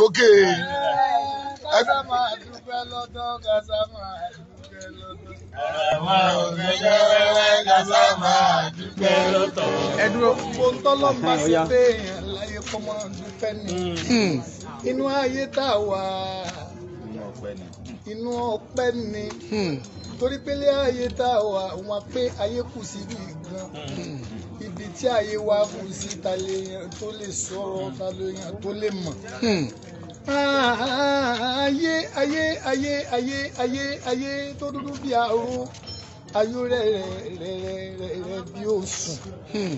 sókè. Kásá máa dúpẹ́ lọ́dọ̀, kásá máa dúpẹ́ lọ́dọ̀. Àràmà òṣèjọ́ wẹ́wẹ́, kásá máa dúpẹ́ lọ́dọ̀. Ẹ dúró. Mo ń tọ́lọ́ máa ṣe téèyàn láyé ni. Hmm. Inú ayé tá a wà. Inú ọpẹ́ ni hmm. torí pélé ayé tá a wà wọn pé ayé kù síbi gan hmm. ibi tí ayé wa kù sí ta lè yàn tó lè sọ̀rọ̀ ta lè yàn tó lè mọ̀ ayé ayé ayé ayé ayé ayé tó dúdú bí aró ayé rẹ̀ rẹ̀ rẹ̀ rẹ̀ bí òsùn hmm.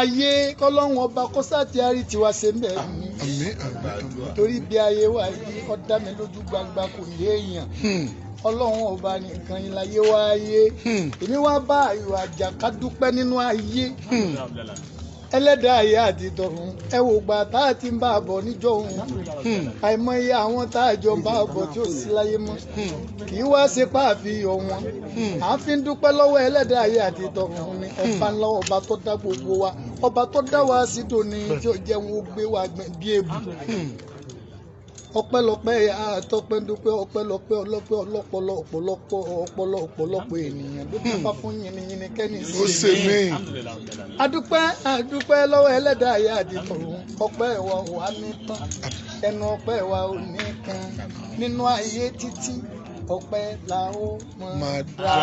ayé kọlọ́hún ọba kọ́sàtì àrí tiwa ṣe mẹ́rin torí bí ayé wa yìí ọ̀dá mi lójú gbangba kò ní èèyàn hmm. ọlọ́run ọba nìkan ni láyé wáyé hmm. èmi wá bá ayò àjàká nínú ayé ẹlẹ́dàá ayé àti ẹ wò gbà tá a ti ń bá a bọ̀ níjọ́ òun hmm. àìmọye àwọn tá a jọ ń bá a bọ̀ tí ò sí láyé mọ́ hmm. kì í wá ṣe pa àfihàn wọn à hmm. ń fi dúpẹ́ lọ́wọ́ ẹlẹ́dàá ayé àti ni ọba ńlá ọba tó dá gbogbo wa ọba tó dá wa sí tòní tí ó jẹ́ ó gbé wa gbẹ̀ bí ebù ọpẹ́lọpẹ́ àtọpẹdúpẹ́ ọpẹ́lọpẹ́ ọlọpẹ ọlọpọlọ ọ̀pọ̀lọpọ̀ ọpọlọ ènìyàn ló fún yìnyín kẹ́ni sí mi adúpẹ́ adúpẹ́ lọ́wọ́ ẹlẹ́dàá ayé àdìbò ọpẹ́ wa ò wá ní tán ẹnu ọpẹ́ wa ò ní kan nínú ayé títí ọpẹ́ la ó máa dá.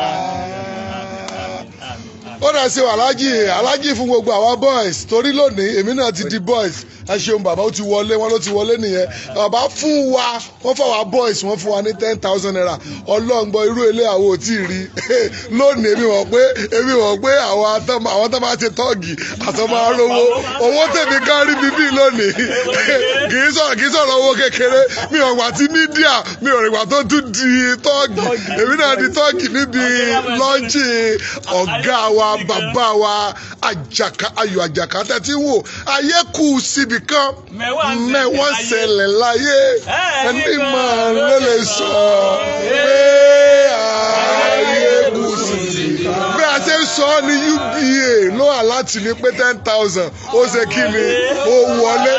ó dà sí aláàjì aláàjì fún gbogbo àwa boys torí lónìí èmi náà ti di boys ẹ ṣeun bàbá ó ti wọlé wọn ló ti wọlé nìyẹn bàbá fún wa wọn fún wa boys wọn fún wa ní ten thousand naira ọlọ́ngbọ irú ilé àwọn ò tí ì rí lónìí èmi wọ̀ pé èmi wọ̀ pé àwọn tó máa ti tọ́ọ̀gì àtọ́mọ́ arówó owó tèmi kan rí bíbí lónìí kì í sọ̀rọ̀ owó kékeré mi ò gbà tí mídíà mi ò rìgbà tó tún di tọ́ọ̀gì èmi náà di tọ́ọ̀gì níbi lọ́ọ̀jì ọ̀gá wa bàbá wa àjàká ayò àjàká tẹ́tí wò ayé kù síbi kan mẹ́wọ́n ṣẹlẹ̀ láyé ẹni máa ló lè sọ pé ayé kù síbi kan bí a ṣe ń sọ ọ́ uba aláàtì mi pé ten thousand ó ṣe kí ni ó wọlé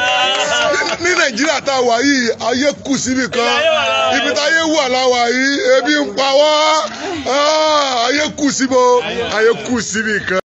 ní nàìjíríà tá a wà yìí ayé kù síbi kan ibi táyé wà láwa yìí ebi ń pa wá ah, ayé kù síbi kan.